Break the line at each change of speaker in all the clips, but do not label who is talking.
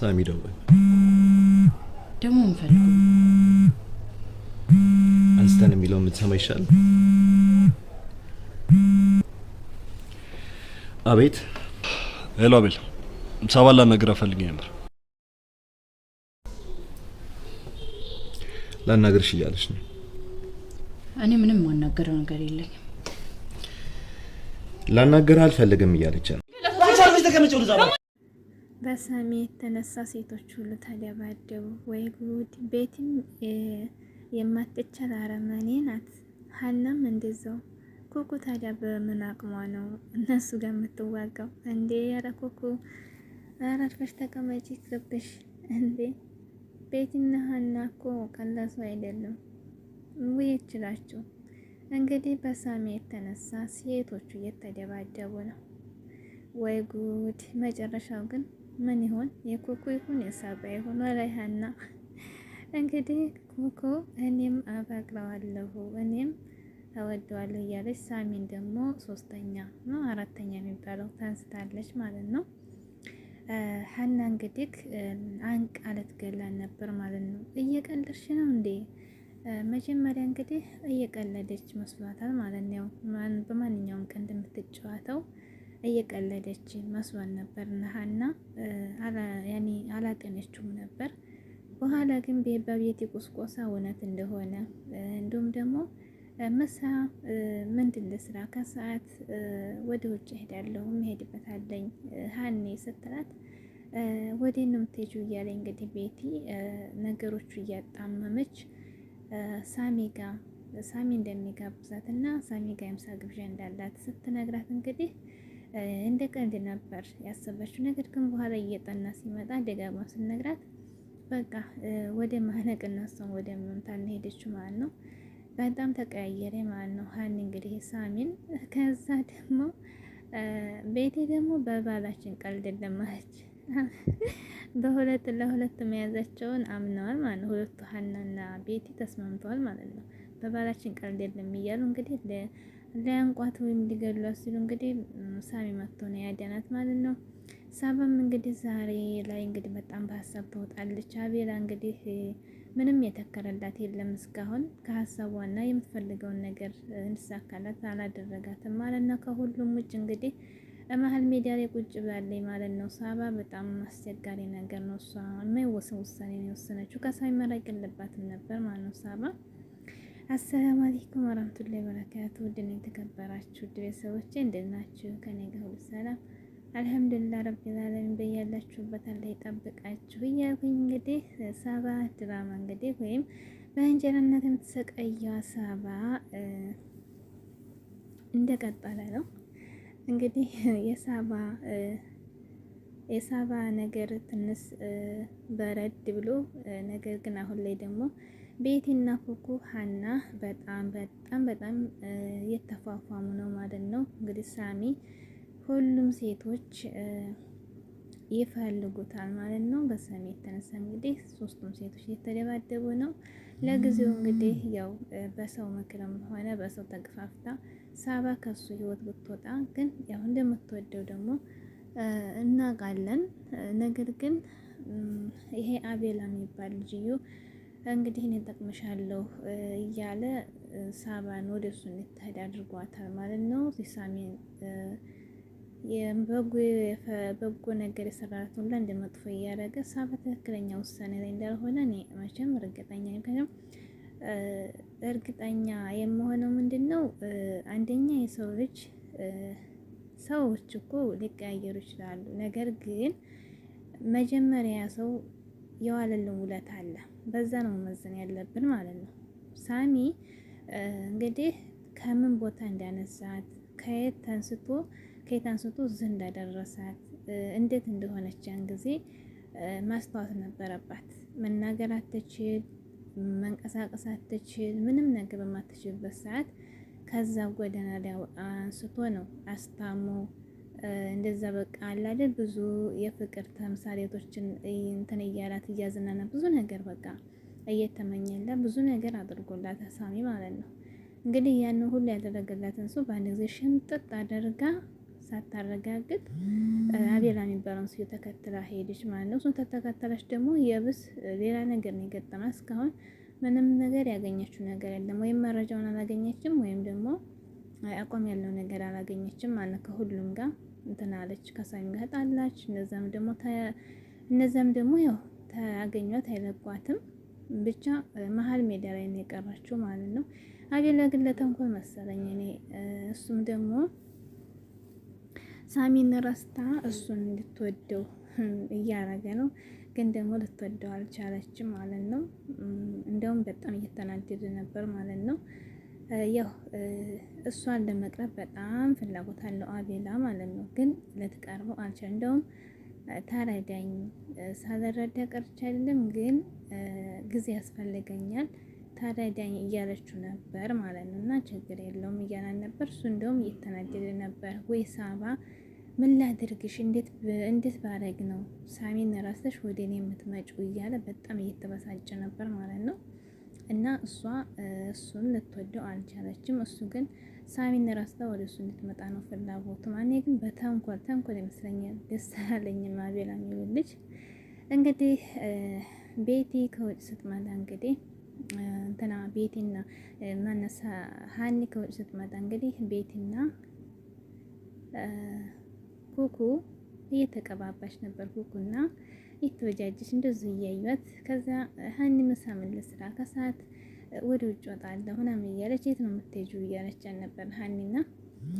ሳሚ ደውል።
ደግሞ ምፈልጉ
አንስተን የሚለው የምትሰማ ይሻል። አቤት።
ሄሎ አቤል፣ ሰባ ላናግር ፈልጌ ነበር።
ላናግርሽ እያለች ነው።
እኔ ምንም ማናገረው ነገር የለኝ
ላናገር አልፈልግም እያለች ነው።
በሰሜ የተነሳ ሴቶች ሁሉ ተደባደቡ። ወይ ጉድ! ቤትም የማትቻል አረመኔ ናት። ሀናም እንደዛው። ኩኩ ታዲያ በምን አቅሟ ነው እነሱ ጋር የምትዋጋው እንዴ? ኧረ ኩኩ አረፈሽ ተቀመጪ ክብሽ እንዴ! ቤትና ሀና እኮ ቀላሱ አይደለም። ውይ ይችላችሁ እንግዲህ በሳሜ የተነሳ ሴቶቹ እየተደባደቡ ነው። ወይ ጉድ! መጨረሻው ግን ምን ይሆን የኮኮ ይሁን የሳባ ይሁን ወላይ ሀና እንግዲህ ኮኮ እኔም አፈቅረዋለሁ እኔም ተወደዋለሁ እያለች ሳሚን ደግሞ ሶስተኛ ነው አራተኛ የሚባለው ታንስታለች ማለት ነው። ሀና እንግዲህ አንቅ አለት ገላን ነበር ማለት ነው። እየቀለድሽ ነው እንዴ? መጀመሪያ እንግዲህ እየቀለደች መስሏታል ማለት ነው። በማንኛውም ቀን እንደምትጫወተው እየቀለደች መስሏን ነበር ነሀና ያኔ አላጤነችውም ነበር። በኋላ ግን በቤት ቁስቆሳ እውነት እንደሆነ እንዲሁም ደግሞ ምሳ ምንድን ልስራ ከሰዓት ወደ ውጭ እሄዳለሁ መሄድበት አለኝ ሀኔ ስትላት ወደ ንምቴጁ እያለ እንግዲህ ቤቲ ነገሮቹ እያጣመመች ሳሚ ጋ ሳሚ እንደሚጋብዛት እና ሳሚ ጋ የምሳ ግብዣ እንዳላት ስትነግራት እንግዲህ እንደ ቀልድ ነበር ያሰበችው። ነገር ግን በኋላ እየጠና ሲመጣ ደጋግማ ስነግራት በቃ ወደ ማነቅ እነሱን ወደ መምታት ሄደች ማለት ነው። በጣም ተቀያየረ ማለት ነው። ሀኒ እንግዲህ ሳሚን ከዛ ደግሞ ቤቴ ደግሞ በባላችን ቀልድ ለማች በሁለት ለሁለት መያዛቸውን አምነዋል ማለት ነው። ሁለቱ ሀናና ቤቴ ተስማምተዋል ማለት ነው። በባላችን ቀልድ የለም እያሉ እንግዲህ ሊያንቋት ወይም ሊገሏት ሲሉ እንግዲህ ሳሚ መጥቶ ነው ያዳናት ማለት ነው። ሳባም እንግዲህ ዛሬ ላይ እንግዲህ በጣም በሀሳብ ተውጣለች። አቤላ እንግዲህ ምንም የተከረላት የለም እስካሁን ከሀሳቧና የምትፈልገውን ነገር እንሳካላት አላደረጋትም ማለት ነው። ከሁሉም ውጭ እንግዲህ መሀል ሜዳ ላይ ቁጭ ብላለች ማለት ነው። ሳባ በጣም አስቸጋሪ ነገር ነው። እሷ የማይወሰን ውሳኔ ነው የወሰነችው። ከሳሚ መራቅ የለባትም ነበር ማለት ነው ሳባ አሰላሙ አለይኩም ወራህመቱላሂ ወበረካቱ ውድን የተከበራችሁ ውድ ቤተሰቦቼ እንዴት ናችሁ? ከኔ ጋር ሁሉ ሰላም አልሐምዱሊላህ ረቢል ዓለሚን። በያላችሁበት አላህ ይጠብቃችሁ እያልኩኝ እንግዲህ ሳባ ድራማ እንግዲህ ወይም በእንጀራነት የምትሰቃየዋ ሳባ እንደቀጠለ ነው። እንግዲህ የሳባ የሳባ ነገር ትንሽ በረድ ብሎ ነገር ግን አሁን ላይ ደግሞ ቤቲና ኩኩ ሀና በጣም በጣም በጣም የተፏፏሙ ነው ማለት ነው። እንግዲህ ሳሚ ሁሉም ሴቶች ይፈልጉታል ማለት ነው። በሳሚ የተነሳ እንግዲህ ሶስቱም ሴቶች እየተደባደቡ ነው። ለጊዜው እንግዲህ ያው በሰው ምክርም ሆነ በሰው ተገፋፍታ ሳባ ከሱ ህይወት ብትወጣ ግን ያው እንደምትወደው ደግሞ እናውቃለን። ነገር ግን ይሄ አቤላ የሚባል ልጅዩ እንግዲህ እኔ ጠቅምሻለሁ እያለ ሳባን ወደ እሱ እንድትሄድ አድርጓታል ማለት ነው። ሲሳሜን በጎ ነገር የሰራት ሁላ እንደ መጥፎ እያደረገ ሳባ ትክክለኛ ውሳኔ ላይ እንዳልሆነ እኔ መቼም እርግጠኛ ምክንያቱም እርግጠኛ የምሆነው ምንድን ነው አንደኛ የሰው ልጅ ሰዎች እኮ ሊቀያየሩ ይችላሉ። ነገር ግን መጀመሪያ ሰው የዋለልን ውለት አለ። በዛ ነው መመዘን ያለብን ማለት ነው። ሳሚ እንግዲህ ከምን ቦታ እንዳነሳት ከየት ተንስቶ ከየት አንስቶ እዚህ እንዳደረሳት እንዴት እንደሆነች ያን ጊዜ ማስታወስ ነበረባት። መናገር አትችል፣ መንቀሳቀስ አትችል፣ ምንም ነገር በማትችልበት ሰዓት ከዛ ጎዳና ላይ አንስቶ ነው አስታሞ እንደዛ በቃ አላለ ብዙ የፍቅር ተምሳሌቶችን እንትን እያላት እያዝናና ብዙ ነገር በቃ እየተመኘላ ብዙ ነገር አድርጎላት ሳሚ ማለት ነው። እንግዲህ ያን ሁሉ ያደረገላትን ሰው በአንድ ጊዜ ሽምጥጥ አደርጋ ሳታረጋግጥ አቤላ የሚባለውን ሰው ተከትላ ሄደች ማለት ነው። እሱን ተተከተለች ደግሞ የብስ ሌላ ነገር ነው የገጠማት። እስካሁን ምንም ነገር ያገኘችው ነገር የለም። ወይም መረጃውን አላገኘችም ወይም ደግሞ አቋም ያለው ነገር አላገኘችም ማለት ከሁሉም ጋር እንትን አለች። ከሳሚ ጋር ጣላች። እነዛም ደግሞ እነዛም ደግሞ ያው ታገኟት አይለቋትም። ብቻ መሀል ሜዳ ላይ ነው የቀራችው ማለት ነው። አቤላ ግን ለተንኮል መሰለኝ እኔ እሱም ደግሞ ሳሚን ረስታ እሱን እንድትወደው እያረገ ነው። ግን ደግሞ ልትወደው አልቻለችም ማለት ነው። እንደውም በጣም እየተናደደ ነበር ማለት ነው። ያው እሷን ለመቅረብ በጣም ፍላጎት አለው አቤላ ማለት ነው። ግን ልትቀርበው አልቻል። እንደውም ተረዳኝ ሳልረዳ ቀርቻ አይደለም፣ ግን ጊዜ ያስፈልገኛል ተረዳኝ እያለችው ነበር ማለት ነው። እና ችግር የለውም እያላን ነበር እሱ እንደውም እየተናደደ ነበር። ወይ ሳባ ምን ላድርግሽ? እንዴት ባረግ ነው ሳሚን ራስሽ ወደ እኔ የምትመጪው? እያለ በጣም እየተበሳጨ ነበር ማለት ነው። እና እሷ እሱን ልትወደው አልቻለችም። እሱ ግን ሳሚን ረስታ ወደ እሱ እንድትመጣ ነው ፍላጎቱ። ማኔ ግን በተንኮል ተንኮል ይመስለኛል። ደስ አላለኝም አቤላ የሚሉ ልጅ እንግዲህ ቤቲ ከውጭ ስትመጣ እንግዲህ እንትና ቤቲና ማነሳ ሀኒ ከውጭ ስትመጣ እንግዲህ ቤቲና ኩኩ እየተቀባባች ነበር ኩኩና የተወጃጀች እንደዚህ እያዩት ከዛ ሀኒ ምሳ ምን ልስራ ከሰዓት ወደ ውጭ ወጣለሁ ምናምን እያለች የት ነው የምትሄጂው እያለችን ነበር ሀኒና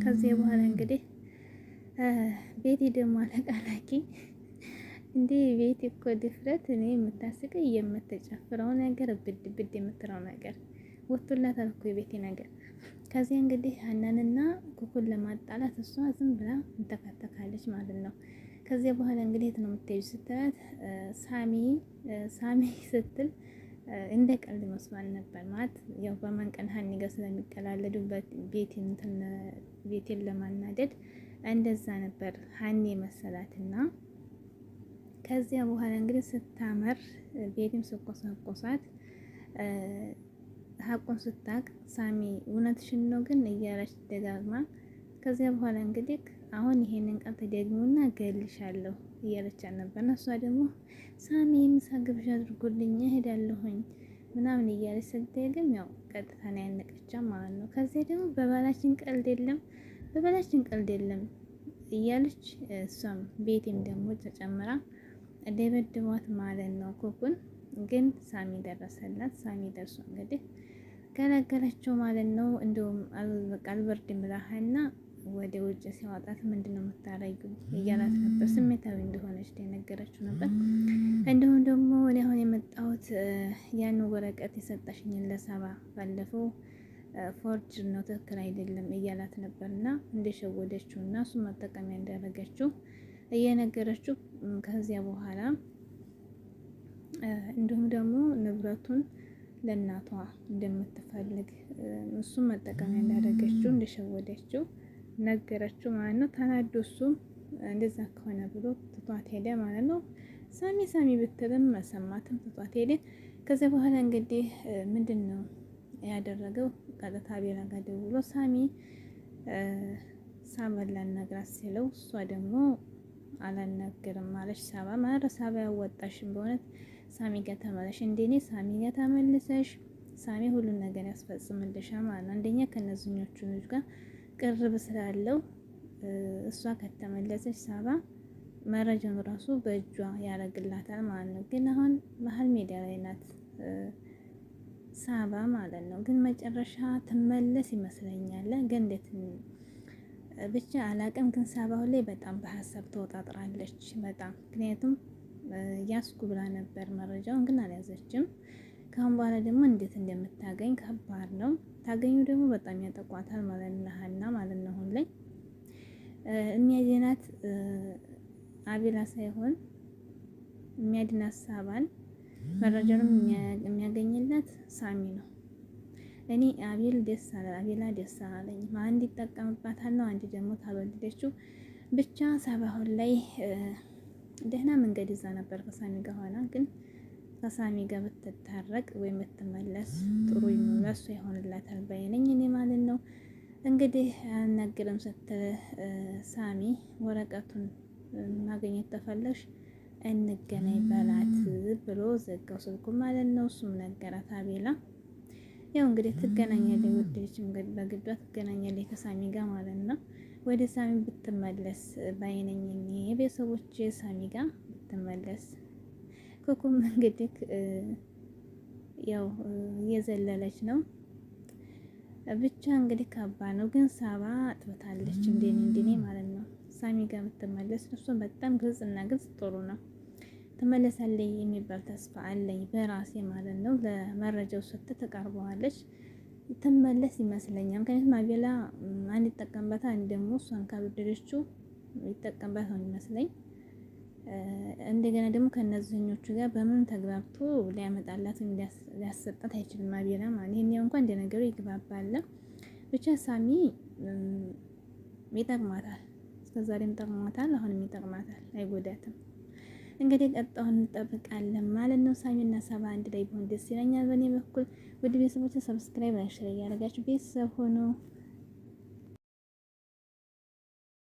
ከዚያ በኋላ እንግዲህ ቤቲ ደግሞ አለቃላኪ እንዲህ ቤት እኮ ድፍረት እኔ የምታስቀ የምትጨፍረው ነገር ብድ ብድ የምትለው ነገር ወቶላታል እኮ የቤቴ ነገር። ከዚያ እንግዲህ ሀናንና ኩኩን ለማጣላት እሷ ዝም ብላ እንተካተካለች ማለት ነው። ከዚያ በኋላ እንግዲህ የት ነው የምትሄጂው ስትላት ሳሚ ሳሚ ስትል እንደ ቀልድ መስማል ነበር ማለት ያው በመንቀን ሀኒ ጋር ስለሚቀላለዱ ቤቴን ለማናደድ እንደዛ ነበር ሀኒ መሰላትና ከዚያ በኋላ እንግዲህ ስታመር ቤትም ስቆሳቆሳት ሀቁን ስታቅ ሳሚ እውነትሽን ነው ግን እያለች ደጋግማ ከዚያ በኋላ እንግዲህ አሁን ይሄንን ቀን ተደግሞና ገልሻለሁ እያለቻት ነበር። እና እሷ ደግሞ ሳሚ የምሳ ግብዣ አድርጎልኝ እሄዳለሁኝ ምናምን እያለች ስትደግም ያው ቀጥታ ነው ያነቀቻ ማለት ነው። ከዚያ ደግሞ በባላችን ቀልድ የለም በባላችን ቀልድ የለም እያለች እሷም ቤቴም ደግሞ ተጨምራ ደበድቧት ማለት ነው። ኮኩን ግን ሳሚ ደረሰላት። ሳሚ ደርሶ እንግዲህ ገላገላቸው ማለት ነው። እንደውም አልበቃ አልበርድም ብላሃና ወደ ውጭ ሲያወጣት ምንድን ነው የምታረጊው እያላት ነበር። ስሜታዊ እንደሆነች የነገረችው ነበር። እንዲሁም ደግሞ እኔ አሁን የመጣሁት ያን ወረቀት የሰጠሽኝን ለሰባ ባለፈው ፎርጅ ነው ትክክል አይደለም እያላት ነበር እና እንደሸወደችው እና እሱ መጠቀሚያ እንዳደረገችው እየነገረችው ከዚያ በኋላ እንዲሁም ደግሞ ንብረቱን ለእናቷ እንደምትፈልግ እሱም መጠቀሚያ እንዳደረገችው እንደሸወደችው ነገረችው ማለት ነው። ተናዶ እሱም እንደዛ ከሆነ ብሎ ትቷት ሄደ ማለት ነው። ሳሚ ሳሚ ብትልም መሰማትም ትቷት ሄደ። ከዚያ በኋላ እንግዲህ ምንድን ነው ያደረገው? ቀጥታ ቤላ ጋር ደውሎ ሳሚ ሳባን ላናግራት ሲለው እሷ ደግሞ አላናግርም ማለች። ሳባ ማረ ሳባ ያወጣሽም በእውነት ሳሚ ጋር ተመለሽ፣ እንደኔ ሳሚ ጋር ተመልሰሽ ሳሚ ሁሉን ነገር ያስፈጽምልሻ ማለት ነው። አንደኛ ከነዚህኞቹ ልጅ ጋር ቅርብ ስላለው እሷ ከተመለሰች ሳባ መረጃውን ራሱ በእጇ ያደርግላታል ማለት ነው። ግን አሁን መሀል ሜዳ ላይ ናት ሳባ ማለት ነው። ግን መጨረሻ ትመለስ ይመስለኛል። ግን እንዴት ብቻ አላቅም። ግን ሳባ ላይ በጣም በሀሳብ ተወጣጥራለች በጣም ምክንያቱም ያስኩ ብላ ነበር መረጃውን ግን አልያዘችም። ከአሁን በኋላ ደግሞ እንዴት እንደምታገኝ ከባድ ነው። ታገኙ ደግሞ በጣም ያጠቋታል ማለት ነው። ሀና ማለት ነው። አሁን ላይ የሚያድናት አቤላ ሳይሆን የሚያድናት ሳባን መረጃንም የሚያገኝለት ሳሚ ነው። እኔ አቤል ደስ አለ አቤላ ደስ አለኝ። አንድ ይጠቀምባታል ነው፣ አንድ ደግሞ ታበልደችው። ብቻ ሳባ አሁን ላይ ደህና መንገድ ይዛ ነበር ከሳሚ ጋር ሆና ግን ከሳሚ ጋር ብትታረቅ ወይም ብትመለስ ጥሩ ይመለሱ ይሆንላታል ባይነኝ እኔ ማለት ነው። እንግዲህ አልነግርም ስትል ሳሚ ወረቀቱን ማግኘት ተፈለሽ እንገናኝ በላት ብሎ ዘጋው ስልኩ ማለት ነው። እሱም ነገራት አቤላ። ያው እንግዲህ ትገናኛለች፣ ውድልች እንግዲህ በግዷ ትገናኛለች ከሳሚ ጋር ማለት ነው። ወደ ሳሚ ብትመለስ ባይነኝ ቤተሰቦች ሳሚ ጋር ብትመለስ ኩኩም እንግዲህ ያው እየዘለለች ነው። ብቻ እንግዲህ ከባድ ነው፣ ግን ሳባ ትወታለች እንደኔ እንደኔ ማለት ነው። ሳሚ ጋር የምትመለስ እሱ በጣም ግልጽ እና ግልጽ ጥሩ ነው። ትመለሳለች የሚባል ተስፋ አለኝ በራሴ ማለት ነው። ለመረጃው ሰጥተ ተቀርበዋለች ትመለስ ይመስለኛል። ምክንያቱም አቤላ አንድ ይጠቀምበታል፣ አንድ ደግሞ እሷን ካበደለችው ይጠቀምበታል ይመስለኝ እንደገና ደግሞ ከእነዚህኞቹ ጋር በምን ተግባብቶ ሊያመጣላት ሊያሰጣት አይችልም። አቤላ ማለት ይሄን ያው እንኳን እንደነገሩ ይግባባለ። ብቻ ሳሚ ይጠቅማታል፣ እስከዛሬም ጠቅሟታል፣ አሁንም ይጠቅማታል፣ አይጎዳትም። እንግዲህ ቀጣውን እንጠብቃለን ማለት ነው። ሳሚ እና ሰባ አንድ ላይ ቢሆን ደስ ይለኛል በእኔ በኩል። ውድ ቤተሰቦች ሰብስክራይብ ላይክ፣ ሼር እያደረጋችሁ ቤተሰብ ሆኖ